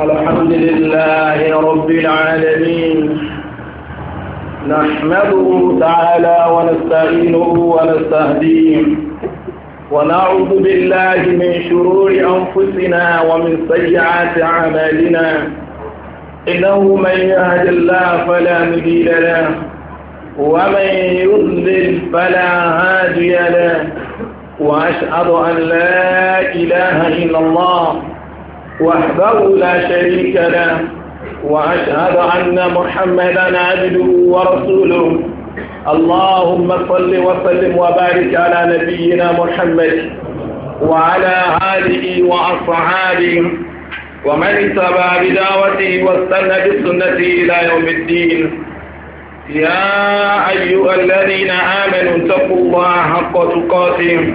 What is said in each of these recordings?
الحمد لله رب العالمين نحمده تعالى ونستعينه ونستهديه ونعوذ بالله من شرور أنفسنا ومن سيئات أعمالنا إنه من يهد الله فلا مضل له ومن يضلل فلا هادي له وأشهد أن لا إله إلا الله وحده لا شريك له وأشهد أن محمدا عبده ورسوله اللهم صل وسلم وبارك على نبينا محمد وعلى آله وأصحابه ومن اتبع بدعوته واستنى بسنته إلى يوم الدين يا أيها الذين آمنوا اتقوا الله حق تقاته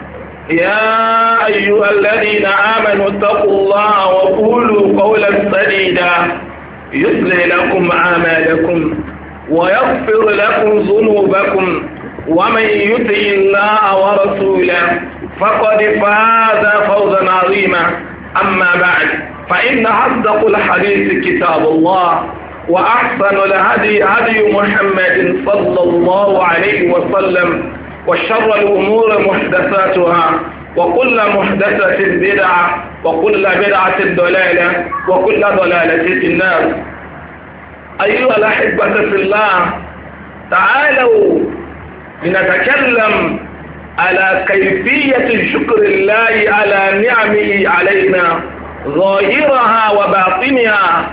يا أيها الذين آمنوا اتقوا الله وقولوا قولا سديدا يصلح لكم أعمالكم ويغفر لكم ذنوبكم ومن يطع الله ورسوله فقد فاز فوزا عظيما أما بعد فإن أصدق الحديث كتاب الله وأحسن الهدي هدي محمد صلى الله عليه وسلم وشر الأمور محدثاتها وكل محدثة بدعة وكل بدعة ضلالة وكل ضلالة في النار أيها الأحبة في الله تعالوا لنتكلم على كيفية شكر الله على نعمه علينا ظاهرها وباطنها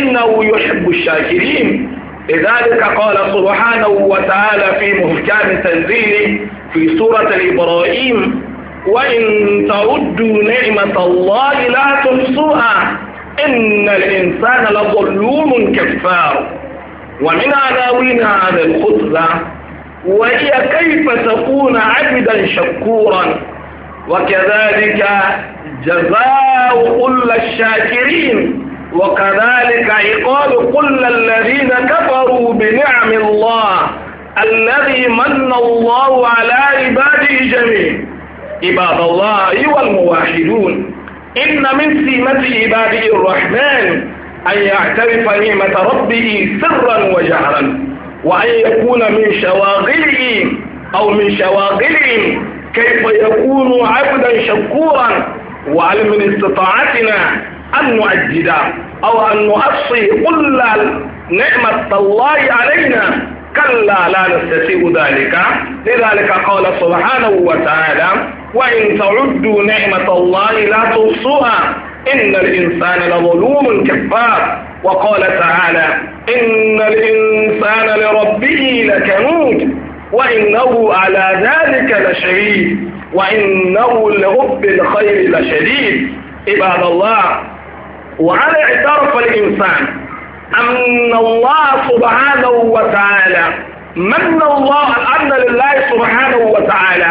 إنه يحب الشاكرين لذلك قال سبحانه وتعالى في محكام تنزيله في سورة إبراهيم وإن تعدوا نعمة الله لا تحصوها إن الإنسان لظلوم كفار ومن عناوين هذا الخطبة وهي كيف تكون عبدا شكورا وكذلك جزاء كل الشاكرين وكذلك عقاب كل الذين كفروا بنعم الله الذي من الله على عباده جميعا عباد الله والموحدون إن من سيمة عباده الرحمن أن يعترف نعمة ربه سرا وجهرا وأن يكون من شواغله أو من شواغلهم كيف يكون عبدا شكورا وهل من استطاعتنا أن نؤجد أو أن نؤصي كل نعمة الله علينا كلا لا نستطيع ذلك لذلك قال سبحانه وتعالى وإن تعدوا نعمة الله لا تحصوها إن الإنسان لظلوم كفار وقال تعالى إن الإنسان لربه لكنود وإنه على ذلك لشهيد وإنه لحب الخير لشديد عباد الله وعلى اعترف الإنسان أن الله سبحانه وتعالى من الله أن لله سبحانه وتعالى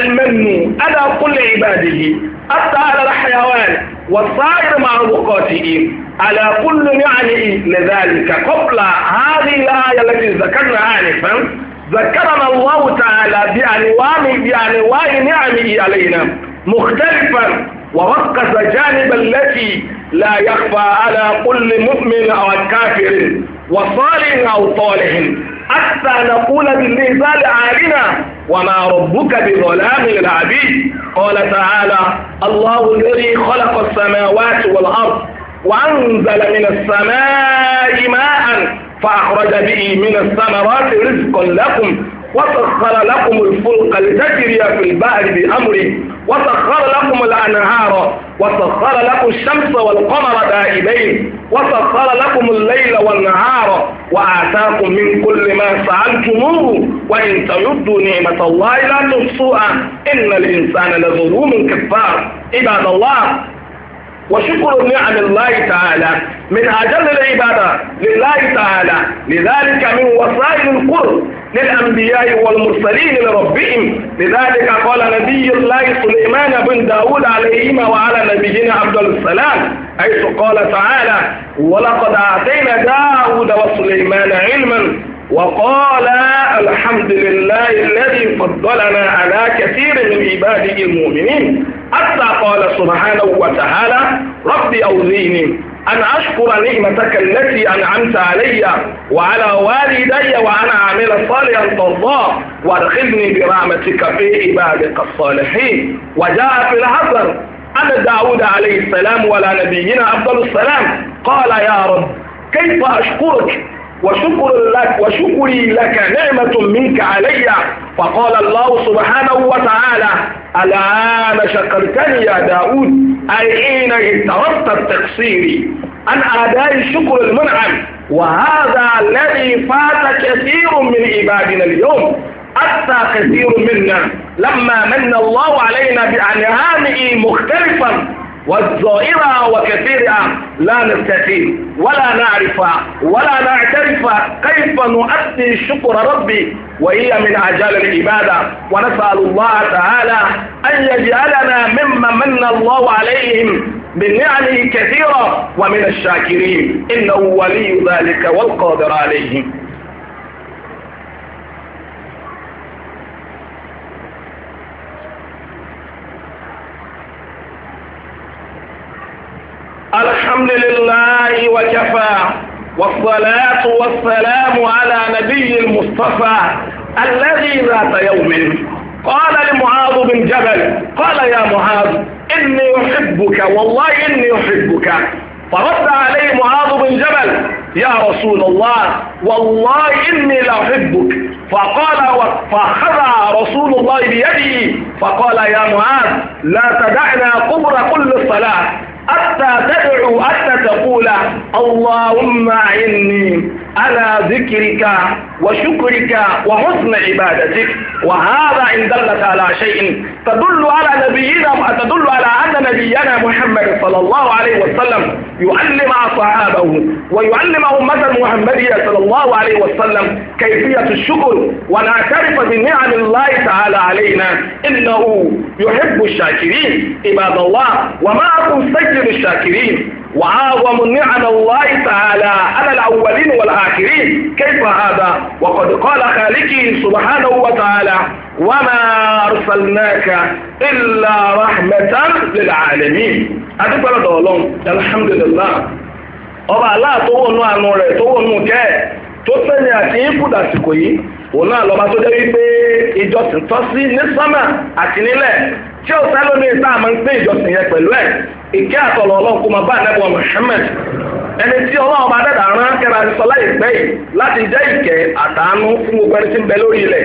المن على كل عباده حتى على الحيوان وسائر معلوقاته على كل نعمه لذلك قبل هذه الآية التي ذكرنا آنفا ذكرنا الله تعالى بأنواع بأنواع نعمه علينا مختلفا وركز جانب التي لا يخفى على كل مؤمن أو كافر وصالح أو طالح حتى نقول بالنزال علينا وما ربك بظلام العبيد قال تعالى الله الذي خلق السماوات والأرض وأنزل من السماء ماء فأخرج به من الثمرات رزقا لكم وسخر لكم الفلق لتجري في البحر بأمره وسخر لكم الأنهار وسخر لكم الشمس والقمر دائبين وسخر لكم الليل والنهار وآتاكم من كل ما سألتموه وإن تعدوا نعمة الله لا تحصوها إن الإنسان لظلوم كفار عباد الله وشكر نعم الله تعالى من أجل العبادة لله تعالى لذلك من وسائل القرب للأنبياء والمرسلين لربهم لذلك قال نبي الله سليمان بن داود عليهما وعلى نبينا عبد السلام حيث قال تعالى ولقد أعطينا داود وسليمان علما وقال الحمد لله الذي فضلنا على كثير من عباده المؤمنين حتى قال سبحانه وتعالى رب أوزيني أن أشكر نعمتك التي أنعمت علي وعلى والدي وأنا عامل صالحا ترضاه وادخلني برحمتك في عبادك الصالحين وجاء في الحصر أن داود عليه السلام ولا نبينا أفضل السلام قال يا رب كيف أشكرك وشكر لك وشكري لك نعمة منك علي فقال الله سبحانه وتعالى الآن شكرتني يا داود أي حين اعترفت التقصير عن أداء الشكر المنعم وهذا الذي فات كثير من عبادنا اليوم حتى كثير منا لما من الله علينا بأنعامه مختلفا والظاهرة وكثيرها لا نستطيع ولا نعرف ولا نعترف كيف نؤدي شكر ربي وهي من عجال العبادة ونسأل الله تعالى أن يجعلنا ممن من الله عليهم من نعمه كثيرة ومن الشاكرين إنه ولي ذلك والقادر عليهم الحمد لله وكفى والصلاة والسلام على نبي المصطفى الذي ذات يوم قال لمعاذ بن جبل قال يا معاذ إني أحبك والله إني أحبك فرد عليه معاذ بن جبل يا رسول الله والله إني لأحبك فقال فأخذ رسول الله بيده فقال يا معاذ لا تدعنا قبر كل الصلاة حتى تدعو حتى تقول اللهم أعني على ذكرك وشكرك وحسن عبادتك وهذا إن دلت على شيء تدل على نبينا تدل على أن نبينا محمد صلى الله عليه وسلم يعلم أصحابه ويعلم أمة المحمدية صلى الله عليه وسلم كيفية الشكر ونعترف بنعم الله تعالى علينا إنه يحب الشاكرين عباد الله وما أكون سيد الشاكرين وأعظم نعم الله تعالى على الأولين والآخرين الشاكرين كيف هذا وقد قال خالقي سبحانه وتعالى وما أرسلناك إلا رحمة للعالمين أدب الله الحمد لله ọba aláà tó wọnú àánú rẹ̀ tó wọnú kẹ́ tó sẹ́ni àti ínkù dàsìkò yìí òun náà lọ́ba tó jẹ́ wípé ìjọsìn tọ́ sí ní sánmà àti nílẹ̀ tí ó sẹ́lómi tá a máa ń pín ìjọsìn yẹn pẹ̀lú ẹ̀ ìkẹ́ àtọ̀lọ́ ọlọ́run kó máa bá ànábọ̀ Muhammad ẹni tí ọba bá dẹ́dà rán kẹra sọ láì yìí láti jẹ́ ìkẹ́ àtàánú fún gbogbo ẹni tí ń bẹ lórí ilẹ̀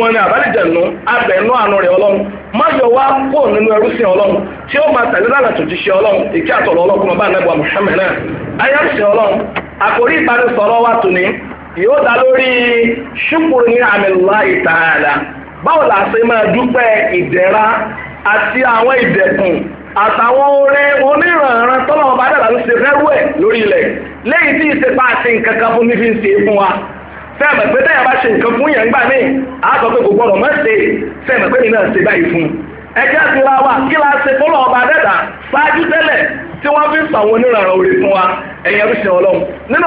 wọn ni àbálẹ̀jẹ̀nu abẹ̀nú àánú rẹ̀ ọlọ́run má wá kó nínú ẹrú sí ọlọ́run tí ó máa tẹ̀lé lánàá tó ti ṣe ọlọ́run ìkí àtọ̀lọ́ ọlọ́kùnrin bá nàgbà náà ayé ṣe ọlọ́run àkórí ìbánisọ̀rọ̀ wa yóò dá lórí ní àtàwọn orin oníranran tọ́lọ̀ ọba dàda ló ṣe rẹ́rú ẹ̀ lórí ilẹ̀ lẹ́yìn tí ìṣèpá àti nǹkan kan fún mi fi ń ṣe fún wa sẹ́ẹ̀mẹ̀ pé tẹ́yà bá ṣe nǹkan fún yẹn gbà mí a sọ pé kò gbọ́dọ̀ mọ́ ṣe sẹ́ẹ̀mẹ̀ pé mi náà ṣe báyìí fún un ẹjẹ́ ti ra wa kí la ṣe fọ́lọ́ ọba dẹ́ta ṣáájú tẹ́lẹ̀ tí wọ́n fi sọ àwọn onírànràn orí fún wa ẹ̀yìn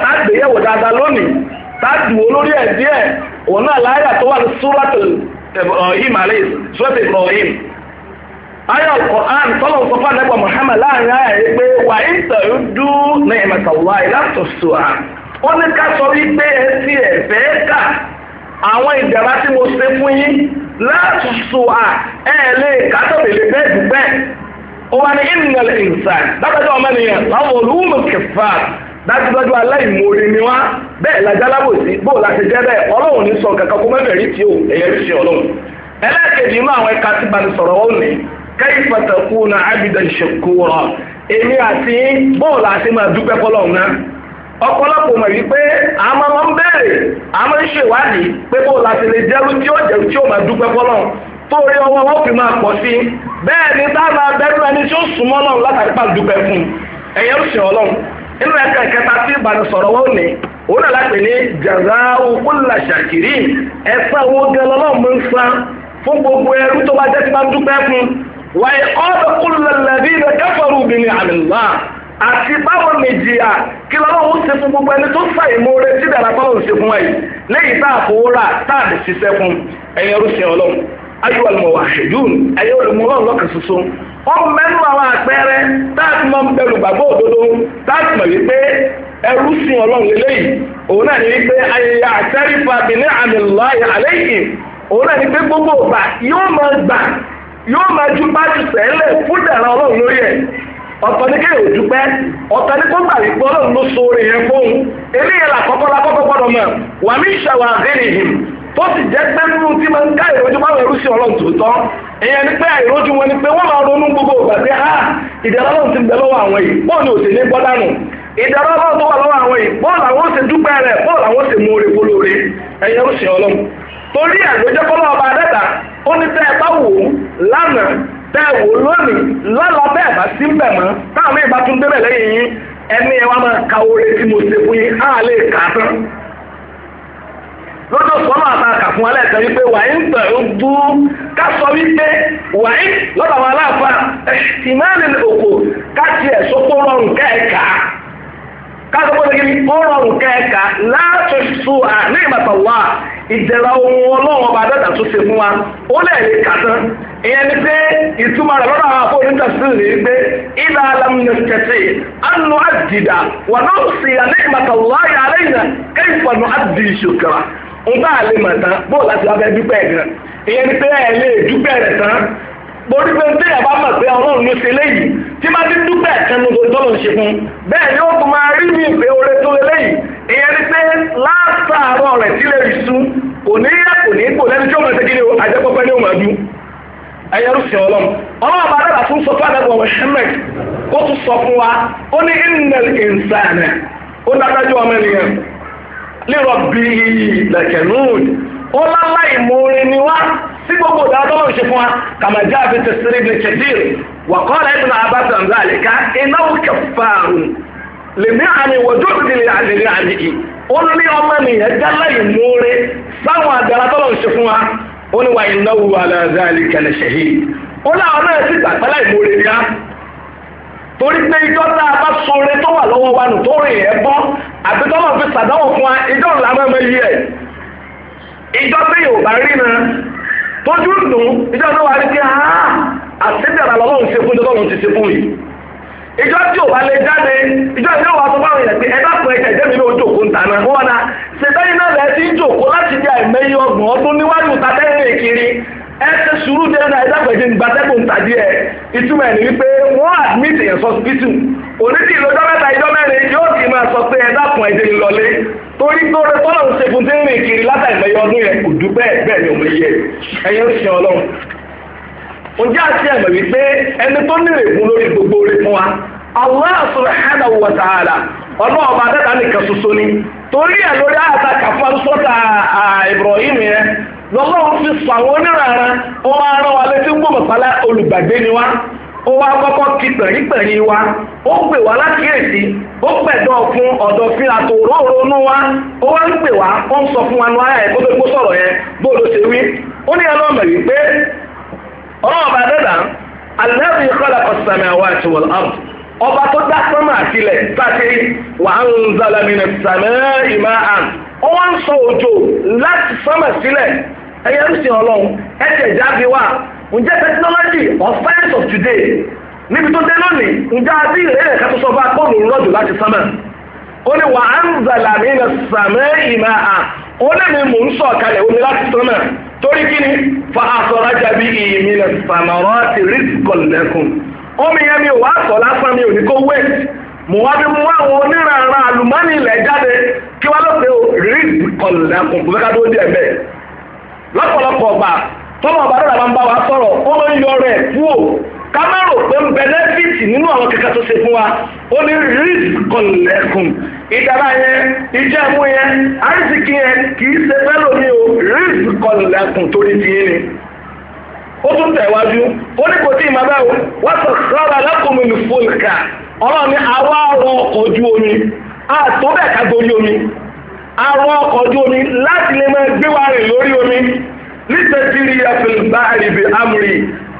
a gbéyẹ̀wò dáadáa lónìí tá a dùn olórí ẹ̀ díẹ̀ òun ayé alukur'an tọ́lọ̀ sọ́fà nẹ́gbà muhammad láàrin ayé yìí pé wà á ìtàrí dú ní ìmọ̀tàwá ìlàtọ̀sọ̀ à ó ní ká sọ wípé ẹ ka awọn ịdara kà àwọn tí mo ṣe fún yín látọ̀sọ̀ à ẹ lè kátó lè bẹ́ẹ̀ dùgbẹ́ ó wà ní ìnìyàn dábàjọ́ láwọn kẹfà dájúdájú aláìmoore ni wá bẹ́ẹ̀ lajá bóò jẹ́ bẹ́ẹ̀ ọlọ́run ní sọ kankan kó tí ò ọlọ́run ẹlẹ́ẹ̀kejì inú kẹ́yìnfà tẹ̀kùn náà ábìdà ṣèkúrọ̀ èmi àti bọ́ọ̀lù àti máa dúpẹ́ fọlọ́run náà ọ̀pọ̀lọpọ̀ mọ̀ wípé a máa máa ń béèrè a máa ń ṣèwádìí pé bọ́ọ̀lù àti lè jẹ́rú tí ó jẹ́rú tí ó máa dúpẹ́ fọlọ́run torí ọwọ́ wọn fi máa pọ̀ sí bẹ́ẹ̀ ni táwọn abẹ́rú ẹni tí ó súnmọ́ náà látàrí pàdúpẹ́ fún ẹ̀yẹ́ ń ṣe ọlọ́run inú ẹ̀ka ìkẹta tí ìbánisọ̀rọ̀ wọn ní òun náà láti ní jàzáwó kúlà ṣàkìrí ẹ̀sán owó gẹ́lọ́lọ́mú fún gbogbo ẹrú tó bá jẹ́ ti máa dúpẹ́ fún Wa ọ̀dọ̀ kúlùlẹ̀lẹ̀bí ilẹ̀ kẹfọ̀rù na àmìlá àti báwo nìjìyà kí lọ́wọ́ ń ṣe fún gbogbo ẹni tó sàyè mú rẹ tí dàrá báwo ṣe fún ẹ̀yìn lẹ́yìn tá a fowó tá a lè ṣiṣẹ́ fún ẹ̀yìn ọlọ́run ayé ẹ̀yẹ lọ́kàn ṣoṣo mẹ́nu àwọn àpẹẹrẹ bẹ̀rù gbàgbọ́ òdodo mọ̀ wípé ẹrú ọlọ́run òun náà ní wípé ayẹyẹ àtẹ́rífà bìnrin àmì lọ́ọ̀yà àlẹ́yìn òun yóò máa ju páàkì sẹ́lẹ̀ fún ìdára ọlọ́run lórí ẹ̀ ọ̀tọ̀ ní kéèyàn dúpẹ́ ọ̀tọ̀ ní kó gbà wípé ọlọ́run ló so orí yẹn fóun la kọ́kọ́ gbọ́dọ̀ mọ̀ wà mí ìṣàwọ̀ àgẹ́rì yìí tó sì jẹ́ pé nínú tí máa ń ká sí ọlọ́run tòótọ́ ìyẹn ni pé wọn ni pé wọ́n máa ronú gbogbo ìgbà pé ha ah, ọlọ́run ti bẹ lọ́wọ́ àwọn yìí ò sì ní ó ní bẹ́ẹ̀ bá wò ó lánàá bẹ́ẹ̀ wò ó lónìí lọ́lọ́ bẹ́ẹ̀ bá sí bẹ̀ mọ́ táwọn tún débẹ̀ lẹ́yìn yín ẹni ẹ wá máa ka oore tí mo ṣe fún yín á lè kà á tán fún alẹ́ẹ̀kan wípé wà ń tẹ̀ ń bú ká sọ wípé wà ń lọ́dọ̀ àwọn aláàfáà ẹ̀ òkò ká tiẹ̀ káàkiri pé ka ọ̀rọ̀ nǹkan ẹ̀ka láti sùn à ní ìbàtàn wà ìdẹ̀ra ohun ọlọ́run ọba dẹ́ta tó ṣe fún wa ó lè lè kà tán ìyẹn ni pé ìtumọ̀ rẹ̀ anu àdìdà wà náà sì ya ni ìbàtàn wà yà á lẹ́yìn náà kẹ́yìn pọ̀nù àdì ìṣòkèrà le bá àlè mọ̀ la bóòlù àti abẹ́ dúpẹ́ rẹ̀ ìyẹn ni pé borí pé ọba ẹ̀bá mọ̀ pé ọlọ́run ló ṣe léyìí tí máa ti dúpẹ́ ẹ̀kẹ́nu tọ́lọ̀ ṣe fún bẹ́ẹ̀ ni tún máa rí ní ìpè oore tó léyìí ìyẹn ni pé látàárọ̀ rẹ̀ kò ní yẹ kò ní kò tí ó máa ọlọ́run sọ fún tún sọ fún wa ó ní ó dájú ọmọ ènìyàn sí gbogbo ìdádọ́lọ́ ṣe fún wa kàmájá fi tẹ̀sírí ibn kathir wà qala ibn abbas zalika innahu kaffarun lèmi àmì wọ́jọ́ ìdílé àdìrí àdìrí ó ní ọmọ nìyẹn jálá ìmúre sáwọn àdàlátọ́lọ́ ṣe fún wa ó ní wa innahu ala zalika la shahid ó láwọn náà sì gbàgbọ́lá ìmúre ni á torí pé ijọ́ tá a bá sọre tó wà lọ́wọ́ wa nù tó rìn ẹ̀ bọ́ àti tọ́lọ̀ fi sàdánwò fún wa ijọ́ làwọn ọmọ yìí ẹ̀ ijọ́ tí yóò bá rí náà tójú nù ìjọ tó wà rí a ha àtẹ́jàrà lọ́wọ́n ṣe fún ìjọba òun ti ṣe fún yìí ìjọ tí ò bá lè jáde ìjọ tí ó wà tó báwọn pé ẹ ló jòkó ń tàná na ṣètẹ́yìn náà lẹ́ẹ̀ ti ń jòkó láti ẹsẹ̀ sùúrù dé náà ẹ̀dá pẹ̀lú gbàtẹ́kùn ntadi ẹ̀ ìtumọ̀ ẹ̀ ní wípé wọ́n admit in hospital onídìí lọ́jọ́ mẹ́ta ìjọ mẹ́rin yóò sì máa sọ pé ẹ̀dá kan ẹ̀dẹ́ ìlọlé torí tó tọ́lọ̀ ń ṣe fún tí kiri látàrí ìmọ̀ ọdún yẹn kò dú bẹ́ẹ̀ bẹ́ẹ̀ ni òun yẹ ẹ̀yẹ ń sin ọlọ́run àti ẹ̀mọ̀ wípé ẹni tó gbogbo orí fún wa Allah wa ta'ala lọ́lọ́run fi sọ àwọn onírànà ó máa rán wa létí ń gbọ́bọ̀ pálá olùgbàgbé ni wá ó wá kọ́kọ́ kí pẹ̀rípẹ̀rí wa ó pè wá lákìrèsí ó pẹ̀dọ̀ fún ọ̀dọ̀ fi àtòró wa ó wá ń pè wá ó ń sọ fún wa nu ara ẹ̀ kó sọ̀rọ̀ yẹn bó ló ṣe wí ó ní wípé ọlọ́run ó wá ń sọ òjò láti sánmà sílẹ̀ ẹyẹ rúṣin ọlọ́run ẹ̀jẹ̀ jáde wá ǹjẹ́ technology of science of today níbi tó dé lónìí ǹjẹ́ àbí ìrẹ́lẹ̀ kan tó sọ bá kóòlù rọ́jò láti sánmà ó ní wà á ń zàlà mí lọ sàmẹ́ ìmọ̀ à ó lè mi mò ń sọ kalẹ̀ omi láti sánmà torí kí ni fa àsọ̀rọ̀ jábí ìmí lọ sàmọ̀rọ̀ ti rí kọ̀lẹ́kùn omi yẹn mi ò wá sọ lásán mi ò ní kó wẹ́ẹ̀tì mo wá bí mú àwọn oníranran àlùmọ́nì ilẹ̀ jáde kí wá lọ́pẹ́ ríd kọlùdà kò fún ká díẹ̀ bẹ́ẹ̀ lọ́pọ̀lọpọ̀ ọgbà tọ́mọ ọba dọ́là ń bá wa sọ̀rọ̀ ó ló ń yọ rẹ̀ kúò ká má rò pé ń nínú àwọn kẹ̀kẹ́ tó ṣe fún wa ó ó tún tẹ̀wájú ó ní kò tí ì ọlọ́run ní àwọn àwọn ọkọ̀ ojú omi àtọ́bẹ̀ ká dorí omi àwọn ọkọ̀ ojú omi láti lè máa gbé wa rìn lórí omi nítẹ̀síri ẹ̀fìn bá àrìbì amúri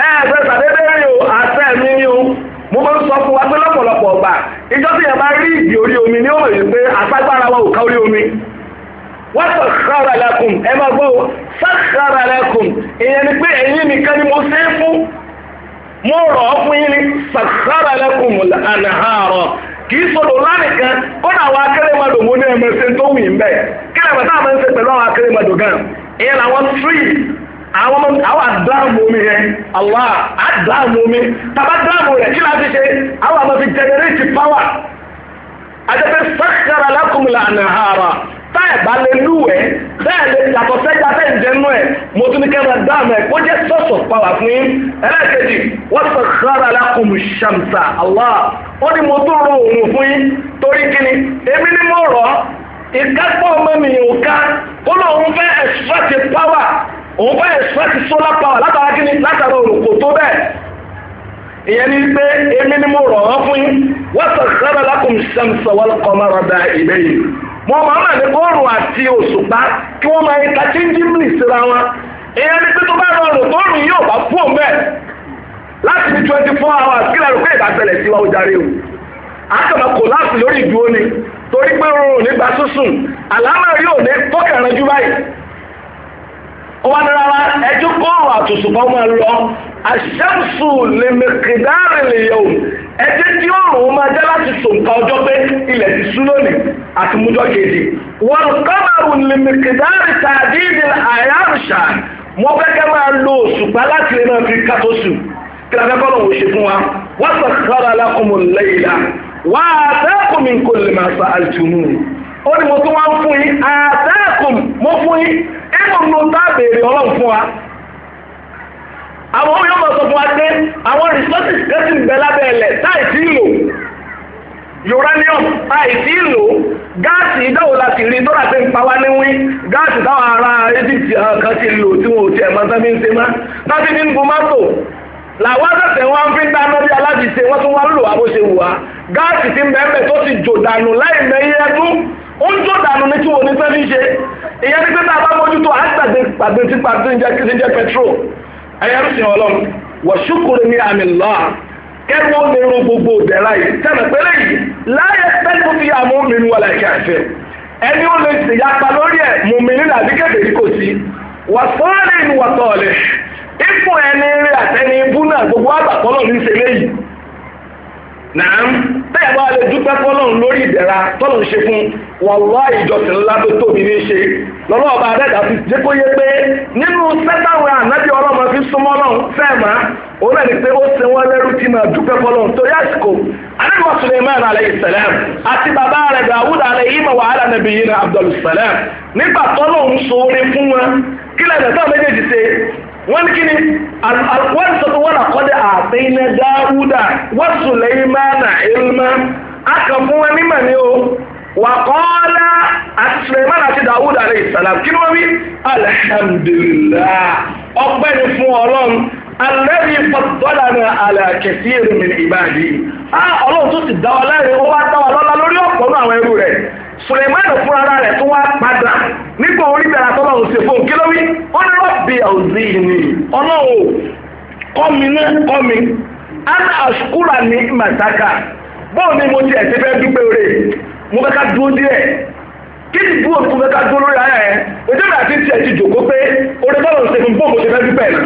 ẹ̀ẹ́dẹ́ sàdédé rí o àṣẹ mi ni o mo máa ń sọ fún wa pé lọ́pọ̀lọpọ̀ ọgbà ìjọ tí yẹn bá rí ìdí orí omi ní òmìnir pé àtàgbára wa ò ká orí omi wọ́n sàkárà lakum ẹ máa gbọ́ sàkárà lakum ìyẹn ni pé ẹ̀yin nìkan ni mo ṣe é fún mo rọ̀ ọ́ fún yín ní sàkárà lẹ́kùn ànàhàrọ̀ kì í sọ̀rọ̀ lánìkan kódà wa akérèmọdò mo ní ẹ̀mọ ṣe tó wù bẹ́ẹ̀ kí lè bàtà máa ń ṣe pẹ̀lú àwọn akérèmọdò gan ìyẹn làwọn tírì àwọn àwọn omi yẹn àwọn àdáàmú omi tàbá dáàmú rẹ̀ kí láti ṣe àwọn àmọ́ fi tá ẹ̀ bá lè lù ẹ́ bẹ́ẹ̀ lè yàtọ̀ sẹ́jà tẹ̀ ń jẹnu ẹ̀ mo tún ní kẹ́ máa dáàmú ẹ̀ kó jẹ́ source of power fún yín ẹlẹ́ẹ̀kejì wọ́n sọ sára lakum shamsa Allah ó ní mo tún rọ òun fún yín torí kíni èmi ni mo rọ̀ ìkápọ̀ ọmọ mi ò ká kó lóun fẹ́ extract power òun fẹ́ extract solar power látara kíni látara òrùkò tó bẹ́ẹ̀ ìyẹn ní pé èmi ni mo rọ̀ ọ́ fún yín wọ́n sọ sábà lákùn sẹ́mùsọ̀ wọ́n kọ́ mọ́ra da ìbẹ́ yìí mo máa ní àti òṣùpá kí wọ́n máa ta chíńjìmìlì síra wọn ìyẹn ní pé tó bá rọrùn oòrùn yóò bá fún twenty four hours kí pé sí o kò láti lórí ìdúró ni torí pé nígbà àlámà ju báyìí wá àṣẹ́sù lè mẹ́kẹ̀dáàrì lè yẹ òun ẹjẹ́ tí òòrùn máa jẹ́ láti tò nǹkan ọjọ́ pé ilẹ̀ ti sú lónìí àti mújọ́ kejì wọn kọ́mọ̀rù lè mẹ́kẹ̀dáàrì tàbí ìdílé àyàrùṣà wọn fẹ́kẹ́ máa lo òṣùpá láti lè máa fi kátó sùn kí la kọ́ lọ́wọ́ ṣe fún wa wọ́n sọ sára alákùnmọ̀ lẹ́yìnlá wà á tẹ́kùn kò lè máa sa àjùmù ó ní mo tún wá ń fún yín àtẹ́kùn mo fún yín ẹ̀kùn ló ń tá àwọn yóò máa sọ fún wa pé àwọn resources kan ti ń bẹ lábẹ́ ẹlẹ̀ táì tí ì lò uranium táì tí ì lò gáàsì ìdáwò láti rí dọ́là tí ń pa wá níwí gáàsì táwọn ará Egypt eh, kan ti lò tí wọn ò tiẹ̀ máa sábẹ́ ń ṣe má tábí ní gbọmátò làwọn àtẹ̀tẹ̀ wọn fi ń dáná bí aláàbìṣe wọn tún wọn lò wá bó ṣe wù wá gáàsì ti ń bẹ́ẹ̀ tó ti jò dànù láì mẹ́yẹ ẹdún ó ń jò dànù ní tí wọn ò ní fẹ́ fi ṣe ìyẹn ní pé a bá mójútó àgbàgbé pàgbé tí pàgbé ń jẹ́ petrol ẹ̀yẹ́rú sí ọlọ́run ní àmì lọ́ gbogbo ìdẹ̀ra yìí sẹ́nu pẹ́lẹ́ yìí láyé pẹ́ẹ́tù fi àmú mi nu wọlé kẹfẹ́ ẹni ó lè ṣèyapa lórí ẹ̀ mú mi nínú yìí kò sí ipò ẹni rí àtẹni ibú náà gbogbo àgbàkọ́ ní nàá tẹ́yà bá lè dúpẹ́ fọ́lọ́run lórí ìdẹ̀ra tọ́lọ́run ṣe fún wàlá ìjọsìn ńlá tó tóbi ní ṣe lọ́lọ́wọ́ bá dẹ́ta fi jẹ́ kó yé pé nínú sẹ́tàwé ànábì ọlọ́mọ fi súnmọ́ lọ́hùn fẹ́ẹ̀mà òun náà ni pé ó sin wọn lẹ́rú tí máa dúpẹ́ fọ́lọ́run torí àsìkò anábì Suleiman alayhi salam àti bàbá rẹ̀ Dawud alayhi ma wa ala nabiyina Abdul Salam nígbà tọ́lọ́run sọ orin fún wọn kílẹ̀ wọ́n kí ni wọ́n sọ́tọ̀ wọ́n àkọ́dẹ̀ àtẹ́yìn dáúdà wọ́n sùlẹ̀mánà ilmá aka fún wọn nímọ̀ ni o wà kọ́ọ́lá àti sùlẹ̀mánà àti dáúdà rẹ̀ ìsàlám kí ni wọ́n wí alhamdulillah ọpẹ́ ni fún ọlọ́run alẹ́bí fọ́tọ́lá ní alàkẹ́sí èrèmí ìbáàdì á ọlọ́run tó sì dáwọ́ láàrin ó wá dáwọ́ lọ́lá lórí ọ̀pọ̀ náà àwọn ẹrú rẹ̀ sùlẹ̀mánà fún ara rẹ̀ tó wá padà nígbà orí bẹ̀rẹ̀ àtọ́lọ́run ṣe fún kílówí ó ní rọ́bì àwùjí ni ọlọ́wọ́ kọ́mi náà kọ́mi ana àṣùkúrà ní màtáka bọ́ọ̀ ni mo tiẹ̀ ti fẹ́ dúpẹ́ rẹ̀ mo fẹ́ ká dúró díẹ̀ kí ni dúró tó fẹ́ ká dúró lórí ara ẹ̀ ojú mi àti tiẹ̀ ti jòkó pé orí bọ́ọ̀lù ṣe fún bọ́ọ̀ ṣe fẹ́ dúpẹ́ náà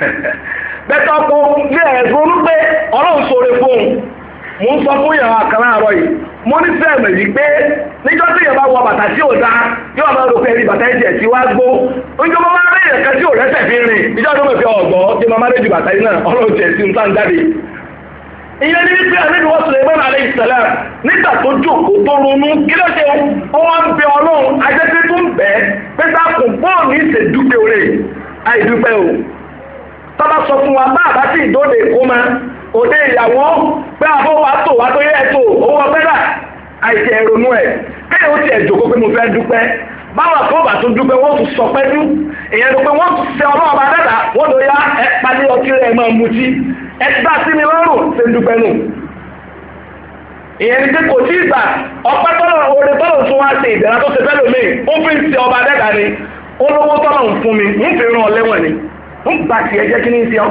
bẹ́tọ̀ kó bí ẹ̀ ronú pé ọlọ́run sọ mo ń sọ fún yàrá àkàrà àárọ̀ yìí mo ní fẹ́ẹ̀mù yìí pé níjọ́ tí yàrá wọ bàtà tí ò dáa yóò máa rò pé ẹni bàtà ẹ̀jẹ̀ tí wá gbó níjọ́ máa máa rí ìrẹ̀kẹ́ tí ò rẹ́sẹ̀ fi rìn níjọ́ tó mẹ̀fẹ́ ọ̀gbọ́ tí máa máa rí ju bàtà yìí náà ọlọ́run jẹ̀ sí nǹkan jáde. ìyẹn ní wípé àlejò wọn sùn lẹ́gbẹ́ àlẹ́ ìsẹ̀lẹ̀ nígbà tó jókòó tó ronú kí ló ṣe wọn ń bẹ ọlọ́run ajẹ́pẹ́ tó ń bẹ́ pé sáàkùn sọ fún wa bá àbá sì ìdóde kó máa òde ìyàwó pé àbọ̀wá tò wá tó yẹ ètò owó fẹ́rà àìsí ẹ̀rọnú ẹ̀ kéèyàn ó ti ẹ̀jọ̀kọ́ pé mo fẹ́ dúpẹ́ báwọn kan bá tún dúpẹ́ wọ́n tún sọ pẹ́ dú ìyẹn ló pé wọ́n tún ṣe ọmọ ọba dẹ́ta wọ́n ló yá ẹ palẹ́ ọtí rẹ̀ máa mutí ẹ gbà sí mi lọ́rùn ṣe ń dúpẹ́ nù. ìyẹn ti kò tí ì gbà ọpẹ́ tọ́lọ̀ orin tọ́lọ̀ tún wá sí ìdẹ̀ra tó ṣe fẹ́lẹ̀ mi ó fi ń ṣe ọba dẹ́ta ni ó lówó tọ́lọ̀ ń fún mi ń fi ràn lẹ́wọ̀n ni ń gbà tiẹ̀ jẹ́ kí ní í ṣe ọ́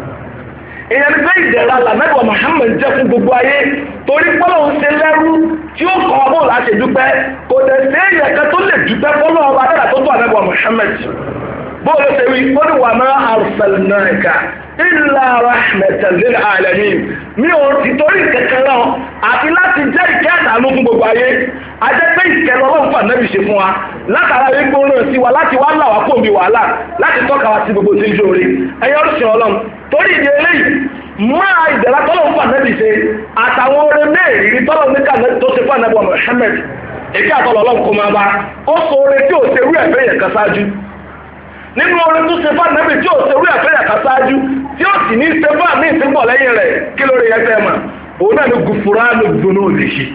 èèyàn gbé ìdẹ̀ra làmẹ́wọ̀ Muhammad jẹ́ fún gbogbo ayé torí pọ́lọ̀ ń ṣe lẹ́rú tí ó kọ́ ọmọ láti dúpẹ́ kò dẹ̀ sí èèyàn kan tó lè dúpẹ́ pọ́lọ̀ ọba tó tó àmẹ́wọ̀ Muhammad bóòlù tẹ̀wé ó ní wà máa arsalnaka illa rahmatan lil alamin mi ò ti torí kẹ̀kẹ́ náà àti láti jẹ́ ìkẹ́ àtàánú fún gbogbo ayé ajẹ́pẹ́ ìkẹlẹ́ ọlọ́run fún ànábì ṣe fún wa látara wípé ó ràn sí wa láti wá là wá kó omi wàhálà láti tọ́ka wa sí gbogbo ìṣẹ́jú orí ẹ̀yẹ́ ọ̀sìn ọlọ́run torí ìdí eléyìí máa ìdẹ̀ra tọ́lọ́run fún ànábì ṣe àtàwọn orin mẹ́rin tọ́lọ́run níkà tó ṣe fún ànábì Muhammad èyí àtọ́lọ́ ọlọ́run kò máa bá ó sọ orin tí ò ṣe rú ẹ̀fẹ́ yẹn nínú orin tó ṣe fáànù nàbì tí ò ṣe orí àfẹ́yàká ṣáájú tí ó sì ní ṣe fáànù ìsìnbọ̀ lẹ́yìn rẹ̀ kí lórí ẹgbẹ́ mà òun náà ni gùfúránù gbóná òṣìṣì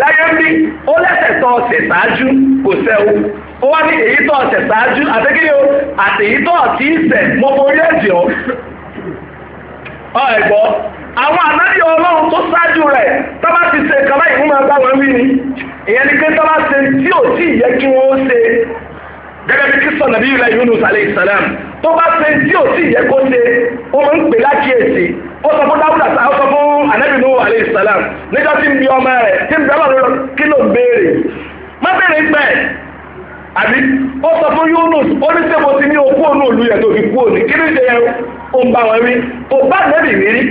láyé bí ó lẹ́sẹ̀ tọ́ ọ̀sẹ̀ ṣáájú kò sẹ́wó ó wá ní èyí tọ́ ọ̀sẹ̀ ṣáájú àtẹ́kíyó àtẹ̀yí tọ́ ọ̀tí ìṣẹ̀ mo forí ẹ̀jẹ̀ ọ́ ẹ̀gbọ́ àwọn ànábì ọlọ́run tó ṣáájú rẹ̀ tọ́ba ti ṣe kàbáyé fún máa wí ni ìyẹn ni pé tọ́ba ṣe tí ò tí ì kí wọ́n ṣe gẹ́gẹ́ bí kristu nàbí yìí láì Yunus alayhi salam tó bá ṣe tí ò sì yẹ kó ṣe ó máa ń pè lákìyèsí ó sọ fún dáwúdà sá ó sọ fún anabi nuhu alayhi salam níjọ tí ń bi ọmọ rẹ tí ń bi ọmọ rẹ kí ló béèrè má béèrè gbẹ àbí ó sọ fún Yunus ó ní sẹ́mo ti ní okú òun òlu yẹn tó fi kú òní kí ní ṣe yẹn ó ń bá wọn rí kò bá nẹ́bì rí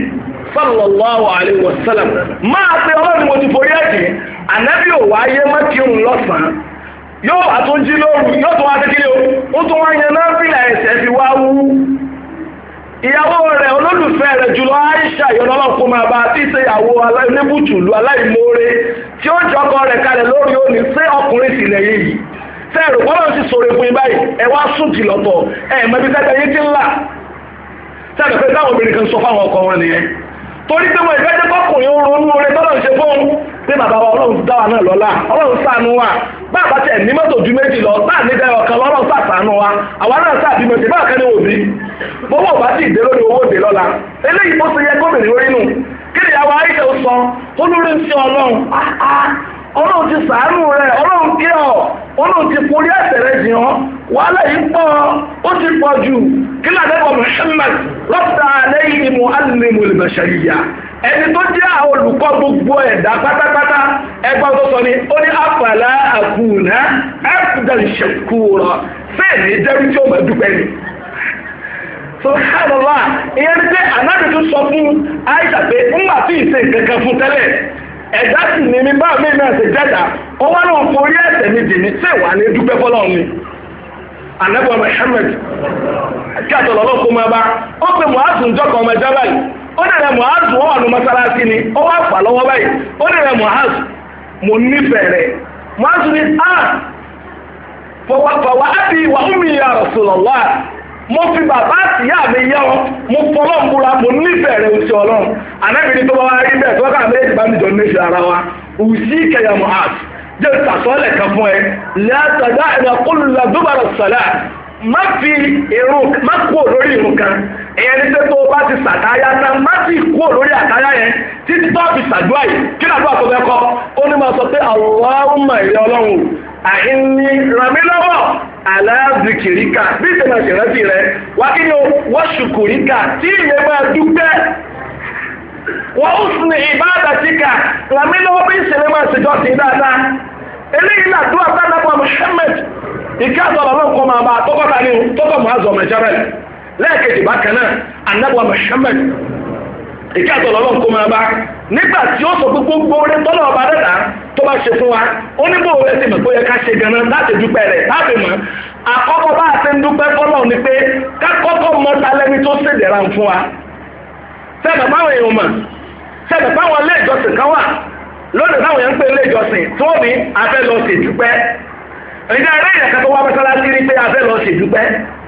sallallahu alayhi wa sallam máa pe ọlọ́run mo ti forí ẹ̀jẹ̀ anabi ò wáyé mọ́kírun lọ́sàn yóò bá tó jí lóru yóò tó wá kékeré o ó tó wá yan náfìlà ẹ̀sẹ̀ fi wá wú ìyàwó rẹ̀ olólùfẹ́ rẹ̀ jùlọ Aisha ìyọlọ́lọ́ kó máa bá tí ṣe ìyàwó oníbùtùlù aláìmoore tí ó jọkọ rẹ̀ kalẹ̀ lórí òní ṣé ọkùnrin sì lẹ́yìn yìí fẹ́ẹ̀rù bọ́lá sì sọ̀rọ̀ fún yín báyìí ẹ wá sùn jì lọ́tọ̀ ẹ mọ ibi tẹ́tẹ́ yín ti ń là tẹ́lẹ̀ pé torí pé wọ́n ìfẹ́ jẹ́ kọkùnrin ronú oore tọ́lọ̀ ń ṣe fóun pé bàbá wa ọlọ́run dá wa náà lọ́lá ọlọ́run ṣàánú wa bàbá tẹ̀ ní mọ́tò ju méjì lọ bá nígbà ọ̀kan lọ́rọ̀ ṣàánú wa àwa náà sàbí mọ̀tì bá ọ̀kan ní òbí owó ọ̀bá sì dé lórí owó dé lọ́la eléyìí bó ṣe yẹ gómìnà orí nù kí ni àwa ayíṣẹ́ sọ olórí ń ṣe ọlọ́run ah, ah. ọlọ́run ti sàánú rẹ̀ ọlọ́run kí ọ ọlọ́run ti forí ẹ̀sẹ̀rẹ̀ jì ọ́ wàhálà yìí pọ̀ ó ti pọ̀ jù kí lẹ́yìn ìmọ̀ alìmọ̀ ẹni tó jẹ́ olùkọ́ gbogbo ẹ̀dá pátápátá ẹgbẹ́ tó sọ ni ó ní àkùnà fẹ́ẹ̀ni jẹ́rú tí ó dúpẹ́ ni ìyẹn pé anábìtú sọ fún pé ẹ̀dá sì ni mi bá mi náà ṣe jẹ́dá ó wá lóun forí ẹ̀ṣẹ̀ mi dì mí tí ìwà ni dúpẹ́ fọlọ́ mi anabuwa Muhammad kí àtọ̀lọ́lọ́ kó máa bá ó pe muhazu njọ́kọ̀ ọmọ ẹja báyìí ó dẹ̀rẹ̀ muhazu ó wà ní mọ́sálásí ni ó wà fà lọ́wọ́ báyìí ó dẹ̀rẹ̀ mo nífẹ̀ẹ́ rẹ̀ ni a ah, fọwọ́fọwọ́ á bí wàhùnmí ya Rasulullah mo fi bàbá àtìyá mi yá ọ mo fọlọ́ ń búra mo nífẹ̀ẹ́ rẹ̀ òsì ọlọ́run ànábìrin tó bá wá rí bẹ́ẹ̀ tó ká méjì bá mi jọ nífẹ̀ẹ́ ara wa òsì kẹyà mọ́ àt jẹ́ ìtàsọ́lẹ̀ kan fún ẹ lẹ́tàdá ìrẹ̀kúlù làdúbàrà sàlá má fi irun má kú lórí irun kan ìyẹn ní pé tó o bá ti sàtáyà tán má fi kú lórí àtáyà yẹn títí tó fi sàdúrà yìí kí làdúrà tó fẹ́ kọ́ ó ní máa sọ pé àwọn ọmọ ìrẹ́ ọlọ́run àìní ràmílọ́wọ́ aláàzìkìríkà bí ìtẹ̀nà ìrántí rẹ̀ wá kí ni wọ́n ṣùkùríkà tí ìyẹn máa dúpẹ́ wọ́n ó sùn ní ìbáàdàtíkà ràmílọ́wọ́ bí ìṣẹ̀lẹ̀ máa ṣèjọ́ sí dáadáa eléyìí làdúrà sálábà Muhammad ìkẹ́ àtọ̀lọ́ ló ń kọ́ máa bá tọ́kọ́ta ní tọ́kọ́ mọ́ àzọ̀ mẹ́jọ́rẹ́ lẹ́ẹ̀kejì bákan náà anábọ̀ Muhammad ìkí àtọ̀lọ́ ọlọ́run kó máa bá nígbà tí ó sọ pé gbogbo oore tọ́lọ̀ ọba dẹ́ta tó bá ṣe fún wa ó ní bòwé ẹsẹ̀ mọ̀ pé ó yẹ ká ṣe ganan láti dúpẹ́ rẹ̀ láti mọ̀ àkọ́kọ́ bá a ti ń dúpẹ́ fọlọ́run ni pé ká kọ́kọ́ mọ talẹ́ni tó ṣèdẹ̀ra fún wa sẹ́dọ̀ báwọn èèyàn mọ̀ sẹ́dọ̀ báwọn ilé ìjọsìn kan wà lónìí báwọn èèyàn ń pè ilé ìjọsìn tí wọ́n ní abẹ́ lọ sí ìdúpẹ́ ìdá eré ìyàkàtọ̀ wá mọ́sálásí rí pé abẹ́ lọ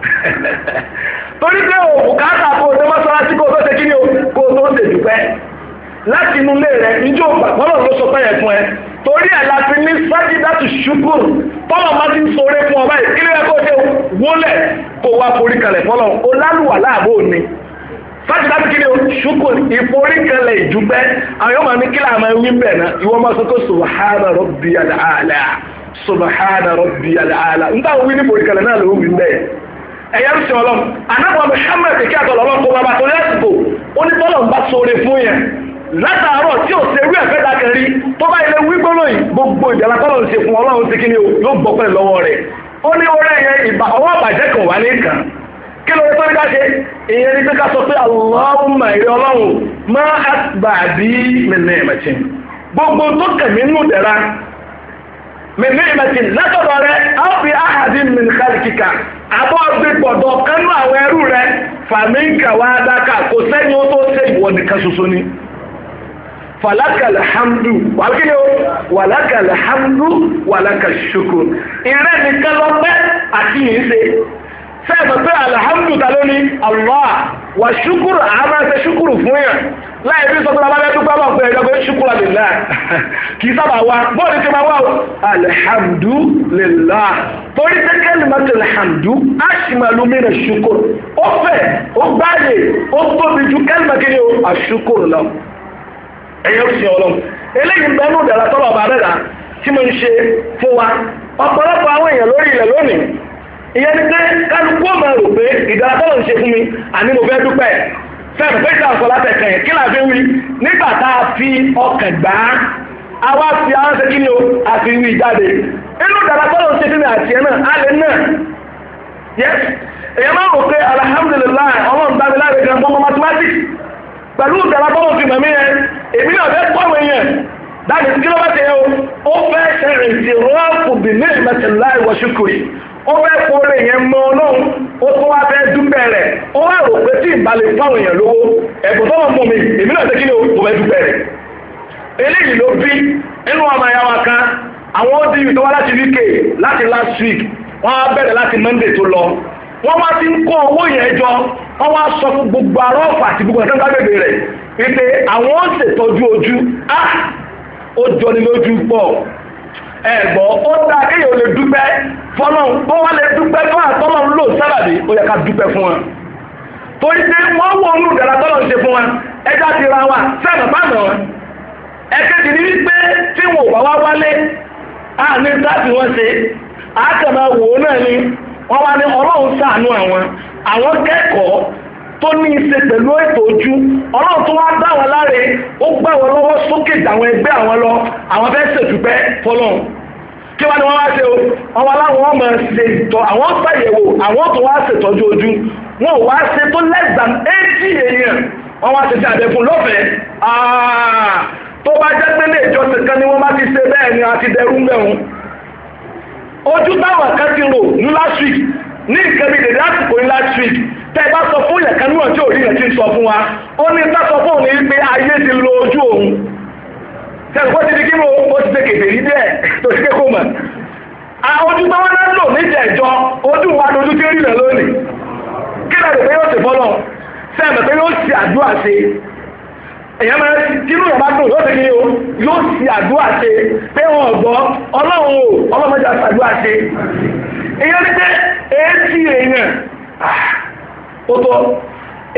torí pé o bùkátà kó o tó mọ́sálásí kó o tó ṣe kí ni o tó ṣe dùpẹ́ láti inú ilé rẹ njó gbàgbọ́nà ló sọ fún ẹ torí ẹ̀ la ní máa ti ń fún ọba yìí kílẹ̀ o wọlé kó wá forí kalẹ̀ o lálùwà láàbò ni kí ni o ìforí kalẹ̀ ìdúpẹ́ àwọn yóò máa ní kílẹ̀ àmọ́ ewì náà máa sọ pé ala ala wí ní forí kalẹ̀ náà wí ẹ̀yẹ́ ń sin ọlọ́run anábọ̀ Muhammad kìkẹ́ àtọ̀ lọ́wọ́ kó bàbá torí àsìkò ó ní bọ́lọ̀ ń bá sóore fún yẹn látàárọ̀ tí ò ṣe ewé ẹ̀fẹ́ dákẹ́rí tó bá ilé wí gbọ́nà yìí gbogbo ìjàlá tọ́lọ̀ ń ṣe fún ọlọ́run ti kí ni yóò gbọ́ pẹ̀lú lọ́wọ́ rẹ̀ ó ní orí ẹ̀yẹ ìbá ọwọ́ àbàjẹ́ kan wà ní kan kí ló tó ní ká ṣe ìyẹn ní pé ká sọ pé Allahumma ìrẹ́ ọlọ́run máa àgbà bí mẹ́lẹ̀ mẹ́tì gbogbo tó kẹ̀mí nù dẹ̀ra mi ní ìmẹ̀tì lẹ́tọ̀dọ̀ rẹ áfi áhàdí mi nìkan kíkà àbọ̀ gbẹgbọ̀dọ̀ kánú àwọn ẹrú rẹ fàmíǹkà wá dáká kò sẹ́ni ó tó ṣe ìwọ nìkan ṣoṣo ni falakal hamdu wàlúkìlẹ̀ wàlakal hamdu wàlakal ṣukur ìrẹ́ nìkan lọ́pẹ́ àti yìí ṣe sẹ́ẹ̀mọ̀ pé alhamdulillah lóní allah wà ṣúkúrù àmà ṣe ṣúkúrù fún yàn láì bí sọ́kúrò abájá dúpẹ́ bá fẹ́ ẹjọ́ pé ṣúkúrù àlèlá kì í sábà wá bọ́ọ̀lù ti máa wá o alhamdulillah torí pé kẹ́lìmọ́tì alhamdu aṣìmọ̀lú mìíràn ṣúkúrù ó fẹ̀ ó gbáyè ó tóbi ju kẹ́lìmọ́tì ni ó àṣúkúrù lọ ẹ̀yẹ́ òṣìṣẹ́ ọlọ́run eléyìí ń bẹ́ẹ̀ ní ìyẹn ni pé kálukú ọmọ rò pé ìdára tọ́lọ̀ ń ṣe fún mi àní mo fẹ́ dúpẹ́ fẹ́ẹ̀mù pé ìta ọ̀sán látẹ̀kẹ̀ yẹn kí là fi wí nígbà tá a fi ọkàn gbà a wá fi àwọn ṣe kí ni o a fi wí jáde inú ìdára tọ́lọ̀ ń ṣe fún mi àti ẹ̀ náà alẹ́ náà yẹ èyàn máa rò pé alhamdulilayi ọmọ nǹkan mi láre gan gbọmọ mathematics pẹ̀lú ìdára tọ́lọ̀ fi mọ̀mí yẹn èmi náà fẹ́ pọ́ àwọn èèyàn dáàbì kí ló bá ti yẹ o ó fẹ́ ṣe ìṣirọ́pù ó fẹ́ kó lè yẹn mọ ọlọ́run ó tún wá fẹ́ dúpẹ́ rẹ̀ ó wá rò pé tí ìbálẹ̀ fáwọn èèyàn lówó ẹ̀bùn tó wọ́n mú mi èmi náà tẹ́kí ni ó fẹ́ dúpẹ́ rẹ̀ eléyìí ló bí nínú ọmọ ìyá wa kan àwọn ó di ìtọ́ wá láti UK láti last week wọ́n á bẹ̀rẹ̀ láti Monday tó lọ wọ́n wá ti ń kó owó yẹn jọ wọ́n wá sọ fún gbogbo arọ́ọ̀fà àti gbogbo ẹ̀sán gbàgbègbè rẹ̀ wípé àwọn ó ṣètọ́jú ojú ah ó jọni lójú pọ̀ ẹ̀gbọ́ ó dá kéèyàn lè dúpẹ́ fọlọ́run bó wá lè dúpẹ́ fún àtọ́lọ́run lò sábàbí ó yẹ ká dúpẹ́ fún wọn torí pé wọ́n wọ inú ìdára tọ́lọ́run ṣe fún wọn ẹja ti ra wa sẹ́ẹ̀mọ̀ bá mọ̀ wọn ẹ̀kejì ni wípé tí wọn ò bá wá wálé àní táàbì wọn ṣe àkàmà wò ó náà ni wọ́n wá ní ọlọ́run ṣàánú àwọn àwọn kẹ́kọ̀ọ́ tó ní í ṣe pẹ̀lú ètò ojú ọlọ́run tó wá dá wọn láre ó gbà wọn lọ́wọ́ sókè dàwọn ẹgbẹ́ àwọn lọ àwọn fẹ́ ṣètùpẹ́ fọlọ́run kí wá ni wọ́n wá ṣe o ọmọ aláwọ̀ wọn máa ṣe ìtọ́ àwọn gbàyẹ̀wò àwọn tó wá ṣètọ́jú ojú wọn ò wá ṣe tó less than eighty èèyàn wọ́n wá ṣe ṣe àbẹ̀kùn lọ́fẹ̀ẹ́ ah! tó bá jẹ́ pé ilé ìjọsìn kan ni wọ́n bá ti ṣe bẹ́ẹ̀ ni a ti dẹrú mẹ́rún ojú táwọn kan ti rò ní last week ní nǹkan bíi dèdè àsìkò ní last week tẹ́ ẹ bá sọ fún yẹ̀kan níwọ̀n tí ò rí yẹn ti sọ fún wa ó ní tá sọ fún òun ní pé ayé ti lo ojú òun tẹ́lẹ̀ wọ́n ti di kí ló ó ti ṣe kèfè rí bẹ́ẹ̀ tó ṣe kó mọ̀ ojú tó wọ́n náà lò níjà ìjọ ojú wa lójú tí ó rí rẹ̀ lónìí kí lóò pé yóò ṣe fọ́lọ̀ sẹ́ẹ̀mẹ̀ pé yóò ṣe àdúrà ṣe èèyàn máa kí ló yàrá dùn yóò ṣe kí ni o yóò ṣe àdúrà ṣe pé wọn gbọ́ ọlọ́run o ọlọ́mọdé àṣàdúrà ṣe èèyàn ní pé èétí èèyàn ah, ó tọ́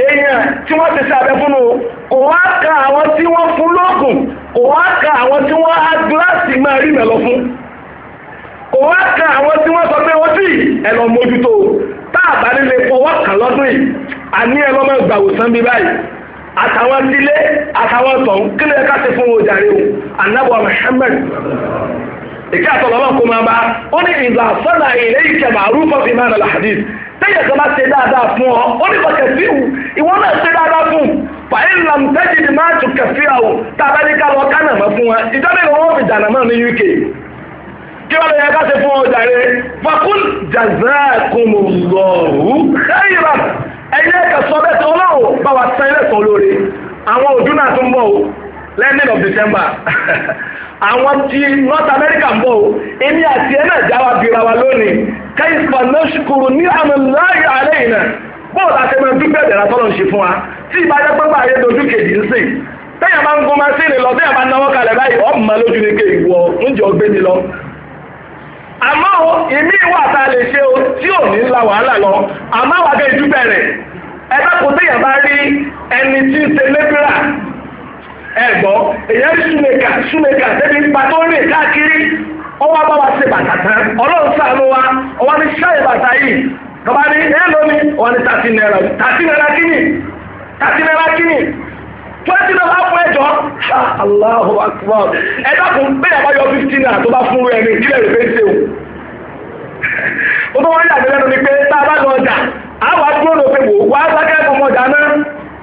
èèyàn tí wọ́n ti ṣe abẹ fún un kò wá ka àwọn tí wọ́n fún lóògùn kò wá ka àwọn tí wọ́n á gíláàsì máa rí mẹ́lọ fún kò wá ka àwọn tí wọ́n sọ pé wọ́n tí ẹ̀lọ mójútó táàbà nílé fọwọ́ kàn lọ́dún yìí àní ẹ̀lọ máa gbà wòsàn bí báyìí àtàwọn tilé àtàwọn tọ̀hún kí ló yẹ ká ti fún wọn jàre o anábọ̀ Muhammad ìkẹ́ àtọ̀lọ́lọ́ kó máa bá ó ní ìgbà sọ́nà ilé ìkẹ̀mà rúfọ́ fi máa nàlá hadith tẹ́yẹ̀ kan bá ṣe dáadáa fún ọ ó ní kọ̀kẹ́ sí ìwù ìwọ náà ṣe dáadáa fún fàyín lam tẹ́jì ni máa tún kẹfí àwò tá a bá ní ká lọ kánà mọ́ fún wa ìjọba ìwọ wọn fi jànà mọ́ ní UK kí wọ́n lè yẹ ká ṣe fún ọ jàre fakul jazakumullahu khairan ẹ̀yin ẹ̀ka sọ bẹ́ẹ̀ sọ ọlọ́run bá wa sẹ́yìn lẹ́sọ̀ lóore àwọn òdúnà tó ń bọ̀ leaning of December àwọn ti North America ń bọ̀ o èmi àti ẹ̀ náà jáwa bira wa lónìí kẹ́yìnfà náà ṣùkúrú ní àmì láàyè àlẹ́ yìí náà bóòlù àti ẹ̀mọ́ dúpẹ́ tọ́lọ̀ fún wa tí ìbájá pẹ́pẹ́ kejì ń sìn tẹ́yà máa ń gun lọ tẹ́yà máa ń náwó kalẹ̀ báyìí ọ̀ àmọ́ ìmí tá ṣe o tí la wàhálà lọ àmọ́ bá rí ẹni tí ń ṣe ẹ̀gbọ́ èyàn rí súnmẹ́kà súnmẹ́kà débi ipa tó rìn káàkiri ọwọ́ bá wa ṣe bàtà tán ọlọ́run ṣàánú wa ọwọ́ bàtà yìí ni ọwọ́ ní tàtí náírà tàtí náírà kíni tàtí náírà kíni twenty naira fún ẹjọ́ Allahu bẹ́ẹ̀ bá yọ fifteen naira tó bá fún ní ìdílé fẹ́ẹ́ ó bá yàgbẹ́ lẹ́nu ni pé tá a bá lọ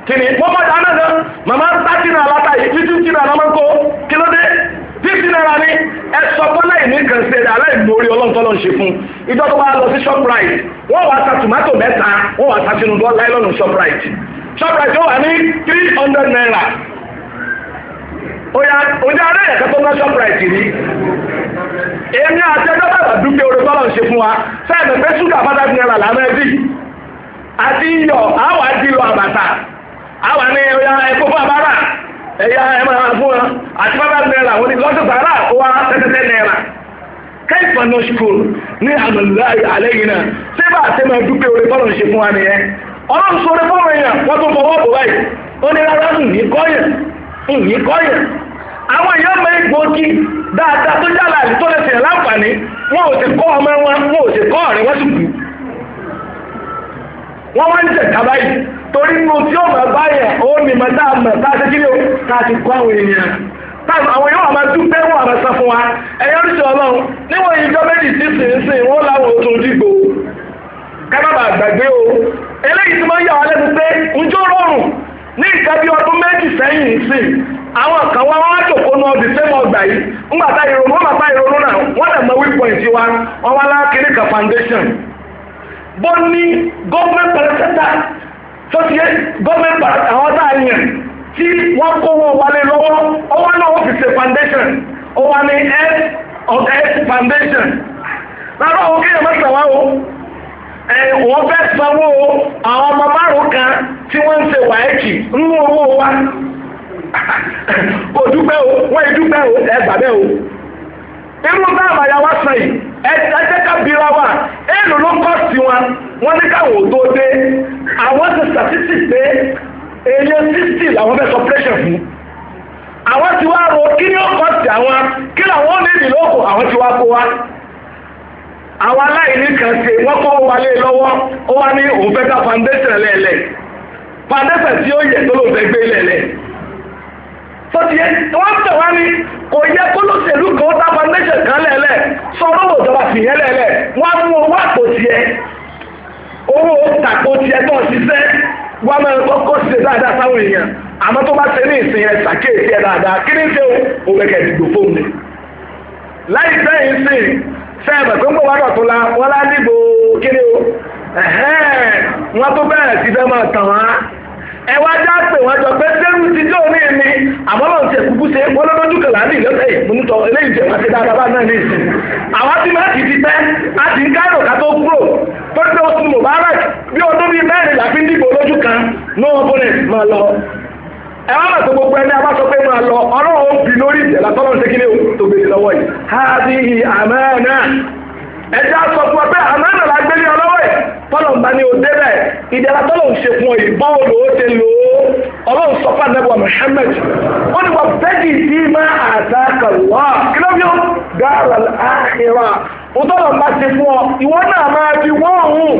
kìnnì wọ́n máa dáná náà màmá ń tàkì náà látàyè títí kí náà máa ń kó kí ló dé fífi náírà ní ẹ̀sọ́ bọ́lá ìní kan ṣe èdè aláìmórí ọlọ́ntọ́lọ́ ń ṣe fún ìjọ tó bá lọ sí shoprite wọ́n wá ta tòmátò mẹ́ta wọ́n wá ta sínú láìlọ́nù shoprite shoprite ó wà ní three hundred naira òjò ará ẹ̀ka tó ń bá shoprite rí èmi àti ẹjọ́ bàbá dúpẹ́ orí tọ́lọ̀ ń ṣe fún wa sẹ́ẹ̀mẹ̀fẹ́ ṣúgà five naira làmẹ́bí àti iyọ̀ àwọn àdìlọ àbàtà àwa ní ọ̀yà ẹ̀kọ́ fún abára ẹ̀yà ẹ̀ fún wa àti bàbá náírà wọn ni lọ́sọ̀ sàrà ó tẹ́tẹ́tẹ́ náírà kẹ́yìn pẹ̀lú ṣùkúrù ní àmàlùlá àlẹ́ yìí náà ṣé bá a ṣe máa dúpẹ́ orí bọ́ọ̀lù ṣe fún wa nìyẹn ọlọ́run sọ orí bọ́ọ̀lù yẹn wọ́n tó fọwọ́ bọ̀ báyìí ó ní rárá kọ́yẹ̀ kọ́yẹ̀ àwọn èèyàn mọ egbòogi dáadáa tó tó láǹfààní wọn ò sì kọ́ ọmọ wọn wọn ò sì kọ́ ọ̀rẹ́ wọn sì kú wọn wá ń báyìí torí inú tí ó mọ̀ báyẹ̀ ó ní mọ̀ tá a mọ̀ tá a ṣe kí ni o ká ti àwọn èèyàn táàmù àwọn yóò máa dúpẹ́ wọn àmọ́ fún wa ẹ̀yọ́ náà sọ ọlọ́run níwọ̀n ìjọ méjì sí sìnsìn wọn láwọn oṣù dìgbò kábàbà àgbàgbé o eléyìí tí wọ́n yà lẹ́nu pé rọrùn ní nǹkan bí ọdún méjì sẹ́yìn sí àwọn kan wa wọn wá tó ti yé gọ́ọ̀mẹ̀ntì àwọn tá a yàn tí wọ́n kó wọn wálé lọ́wọ́ ọwọ́ náà wọ́n fi ṣe foundation ó wà ní earth of earth foundation lára àwọn kéèyàn mẹ́ta wá o wọ́n fẹ́ sanwó àwọn ọmọ márùn-ún kan tí wọ́n ń ṣe wáyéèkì nínú owó wa kò dúpẹ́ o wọ́n yìí dúpẹ́ o ẹ gbà o irú bá àbàyà wá sàn yìí ẹjẹ ká bira wa èèlò ló kọ́ sí wọn wọn ní káwọn ò tó dé àwọn ti statistics pé èèyàn sixty làwọn fẹ́ sọ pressure fún àwọn ti wá ro kí ni ó kọ́ sí àwọn kí làwọn ò ní ìdílé òkò àwọn ti wá kó wa àwọn aláìní kan ṣe wọ́n kọ́ wálé lọ́wọ́ ó wá ní òun fẹ́ ká foundation lẹ́lẹ̀ foundation tí ó yẹ tó ló fẹ́ gbé lẹ́lẹ̀ tó ti yé wọ́n ń tẹ̀wá ní kò yẹ kó ló ṣèlú kan ó dá foundation kan lẹ́lẹ̀ sọ lọ́wọ́ ìjọba sì yẹn lẹ́lẹ̀ wọ́n á mú owó àpò tiẹ̀ owó tàpò tiẹ̀ tó ń ṣiṣẹ́ wọ́n máa ń kọ́kọ́ ṣe dáadáa sáwọn èèyàn àmọ́ tó bá ṣe ní ìsìn ẹ̀ ṣàkíyèsí ẹ̀ dáadáa kí ní ṣe òwe kẹ̀dìgbò fóun ni láìpẹ́ yìí sì sẹ́ẹ̀bẹ̀ tó ń bọ̀ wá dọ̀tún la wọ́n lá dìbò kíni o wọ́n tó bẹ̀rẹ̀ sí fẹ́ máa tàn wá ẹ wá já pé wọ́n jọ pé sẹ́rù ti jó ní ní àbọ̀lọ̀ ti ṣe kẹlà ní ìmúnitọ́ eléyìí náà a ti ń ká gbogbo ẹni sọ pé máa lọ ọlọ́run lórí tọ́lọ̀ bá ní o débẹ̀ ìdára tọ́lọ̀ ń ṣe fún ọ yìí báwo ló ó ṣe lò ó ọlọ́run sọ fún àdàbọ̀ Muhammad ó ní wọ́n bẹ́ẹ̀dì sí máa àdá kàlọ́ kí ló fi ó dára àhìrà ó tọ́lọ̀ bá ṣe fún ọ ìwọ náà máa fi wọ́n òun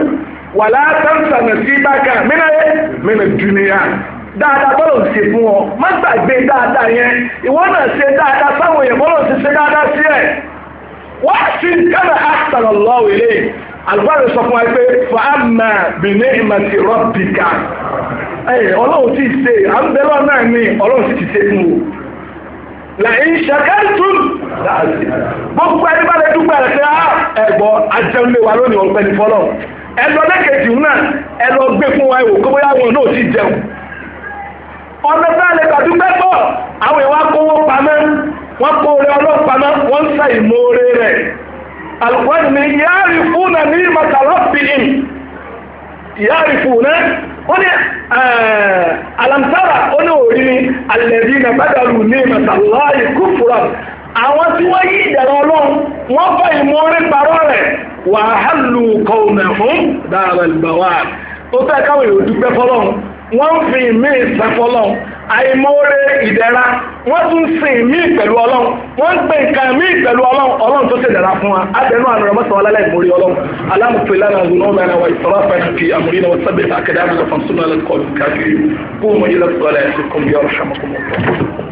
wà látàǹtà nà sí bákà mínàlé mínà dúníyà dáadáa tọ́lọ̀ ṣe fún ọ má gbàgbé dáadáa yẹn ìwọ náà ṣe dáadáa sáwọn èèyàn bọ́lọ̀ ti ṣe dáadáa sí ẹ̀ wọ́n á ń kánà àtàlọ́ lọ́wọ́ alùpàdé sọ fún wa pé fàámà bìnní ìmàtí rọ́bìkà ọlọ́run ti ṣe à náà ni ọlọ́run ti ṣe fún o làyín ṣàkẹ́tùn gbogbo ẹni bá lè dúpẹ́ rẹ̀ pé ajẹ́nulẹ̀ ah, wa lónìí fọlọ́ náà gbé fún wa ìwò náà ti jẹun ọ̀nà bá lè gbàdúgbẹ́ pọ̀ àwọn ìwà kówó pamẹ́ wọ́n kó alùpàdé ni yáàrí fún ní màtàlọ́pìnì yáàrí eh, fún náà ó ní alamtara ó ní òrí ni alẹ́bí na bàdàlù ní màtàlọ́yì kúfùrà àwọn tí wọ́n yí ìdàrà ọlọ́run wọ́n bá ìmọ̀ orí parọ́ rẹ̀ wàhálù kọ̀ọ̀mẹ̀ fún dáàbẹ̀lùbàwà ó fẹ́ káwọn èrò dúpẹ́ fọlọ́run wọ́n fi ìmí ìsàfọ́lọ́ àìmọ́re ìdẹ̀ra wọ́n tún sin ìmí pẹ̀lú ọlọ́run wọ́n ń gbé nǹkan mí pẹ̀lú ọlọ́run ọlọ́run tó ṣe dẹ̀ra fún wa àtẹnu àná rẹ̀mọ́sán alálẹ̀ ìmórí ọlọ́run alámùfẹ́ lánà ọ̀nà ọ̀nà àwọn ìsọ̀rọ̀ afẹ́nu fi àmúrí náà sábẹ̀ àkàdé àbúrò fún súnmọ́ ẹlẹ́kọ̀ọ́ káàkiri kó o mọ̀ yílẹ̀ sọ̀rọ̀ ẹ̀